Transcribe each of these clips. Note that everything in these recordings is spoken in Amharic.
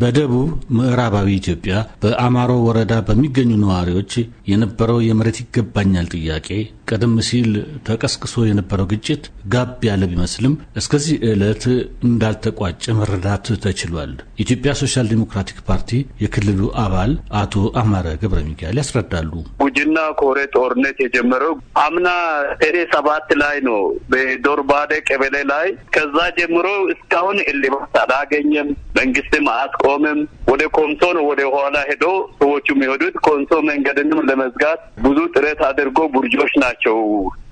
በደቡብ ምዕራባዊ ኢትዮጵያ በአማሮ ወረዳ በሚገኙ ነዋሪዎች የነበረው የመሬት ይገባኛል ጥያቄ ቀደም ሲል ተቀስቅሶ የነበረው ግጭት ጋብ ያለ ቢመስልም እስከዚህ ዕለት እንዳልተቋጨ መረዳት ተችሏል። የኢትዮጵያ ሶሻል ዲሞክራቲክ ፓርቲ የክልሉ አባል አቶ አማረ ገብረ ሚካኤል ያስረዳሉ። ጉጂና ኮሬ ጦርነት የጀመረው አምና ቴሬ ሰባት ላይ ነው በዶርባዴ ቀበሌ ላይ። ከዛ ጀምሮ እስካሁን እልባት አላገኘም። መንግስትም አያስቆምም። ወደ ኮንሶ ነው ወደ ኋላ ሄዶ ሰዎቹ የሚሄዱት ኮንሶ መንገድንም ለመዝጋት ብዙ ጥረት አድርጎ ቡርጆች ናቸው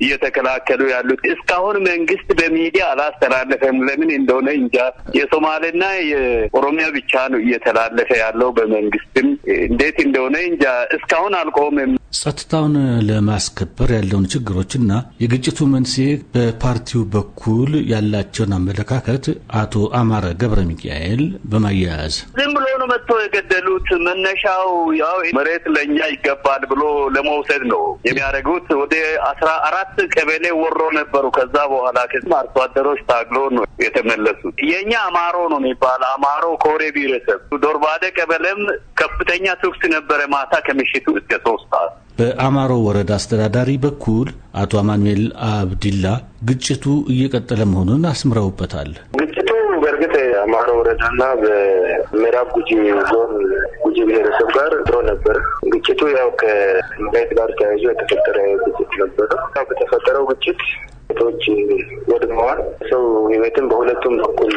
እየተከላከሉ ያሉት እስካሁን መንግስት በሚዲያ አላስተላለፈም። ለምን እንደሆነ እንጃ። የሶማሌና የኦሮሚያ ብቻ ነው እየተላለፈ ያለው በመንግስትም እንዴት እንደሆነ እንጃ። እስካሁን አልቆምም። ጸጥታውን ለማስከበር ያለውን ችግሮችና የግጭቱ መንስኤ በፓርቲው በኩል ያላቸውን አመለካከት አቶ አማረ ገብረ ሚካኤል በማያያዝ ዝም ብሎ ነው መጥቶ የገደሉት። መነሻው ያው መሬት ለእኛ ይገባል ብሎ ለመውሰድ ነው የሚያደርጉት። ወደ አስራ አራት ቀበሌ ወሮ ነበሩ። ከዛ በኋላ ከዚህም አርሶ አደሮች ታግሎ ነው የተመለሱት። የእኛ አማሮ ነው የሚባል አማሮ ኮሬ ብሔረሰብ ዶርባደ ቀበሌም ከፍተኛ ትኩስ ነበረ ማታ ከምሽቱ እስከ ሶስት ሰዓት። በአማሮ ወረዳ አስተዳዳሪ በኩል አቶ አማኑኤል አብዲላ ግጭቱ እየቀጠለ መሆኑን አስምረውበታል። በእርግጥ አማሮ ወረዳና በምዕራብ ጉጂ ዞን ጉጂ ብሔረሰብ ጋር ጥሮ ነበር። ግጭቱ ያው ከመሬት ጋር ተያይዞ የተፈጠረ ግጭት ነበረ። ያው በተፈጠረው ግጭት ቤቶች ወድመዋል። ሰው ህይወትም በሁለቱም በኩል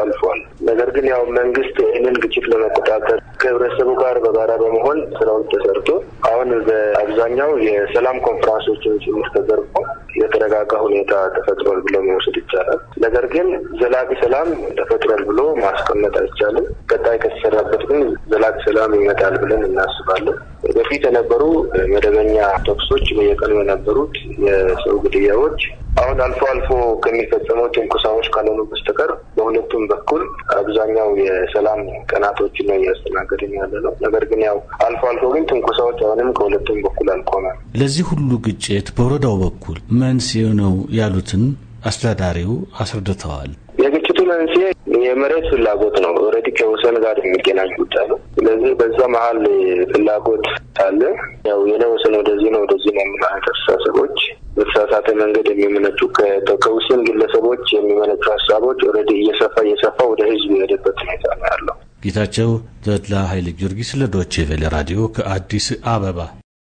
አልፏል። ነገር ግን ያው መንግስት ይህንን ግጭት ለመቆጣጠር ከህብረተሰቡ ጋር በጋራ በመሆን ስራውን ተሰርቶ አሁን በአብዛኛው የሰላም ኮንፈራንሶችን ጭምር ተደርጎ የተረጋጋ ሁኔታ ተፈጥሯል ብሎ መውሰድ ይቻላል። ነገር ግን ዘላቂ ሰላም ተፈጥሯል ብሎ ማስቀመጥ አይቻልም። ቀጣይ ከተሰራበት ግን ዘላቂ ሰላም ይመጣል ብለን እናስባለን። በፊት የነበሩ መደበኛ ተኩሶች፣ በየቀኑ የነበሩት የሰው ግድያዎች አሁን አልፎ አልፎ ከሚፈጸመው ትንኩሳዎች ካልሆኑ በስተቀር በሁለቱም በኩል አብዛኛው የሰላም ቀናቶች ነው እያስተናገድን ያለ ነው። ነገር ግን ያው አልፎ አልፎ ግን ትንኮሳዎች አሁንም ከሁለቱም በኩል አልቆመም። ለዚህ ሁሉ ግጭት በወረዳው በኩል መንስኤ ነው ያሉትን አስተዳዳሪው አስረድተዋል። የግጭቱ መንስኤ የመሬት ፍላጎት ነው። ኦልሬዲ ከወሰን ጋር የሚገናኝ ጉዳይ ነው። ስለዚህ በዛ መሀል ፍላጎት አለ። ያው የኔ ወሰን ወደዚህ ነው ወደዚህ ነው የምናምን አስተሳሰቦች በተሳሳተ መንገድ የሚመነጩ ከውስን ግለሰቦች የሚመነጩ ሀሳቦች ኦልሬዲ እየሰፋ እየሰፋ ወደ ህዝብ የሄደበት ሁኔታ ነው ያለው። ጌታቸው ተድላ ኃይለ ጊዮርጊስ ለዶቼ ቬለ ራዲዮ ከአዲስ አበባ